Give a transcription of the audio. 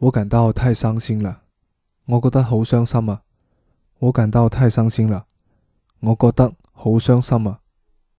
我感到我太傷心啦，我覺得好傷心啊！我感到我太傷心啦，我覺得好傷心啊！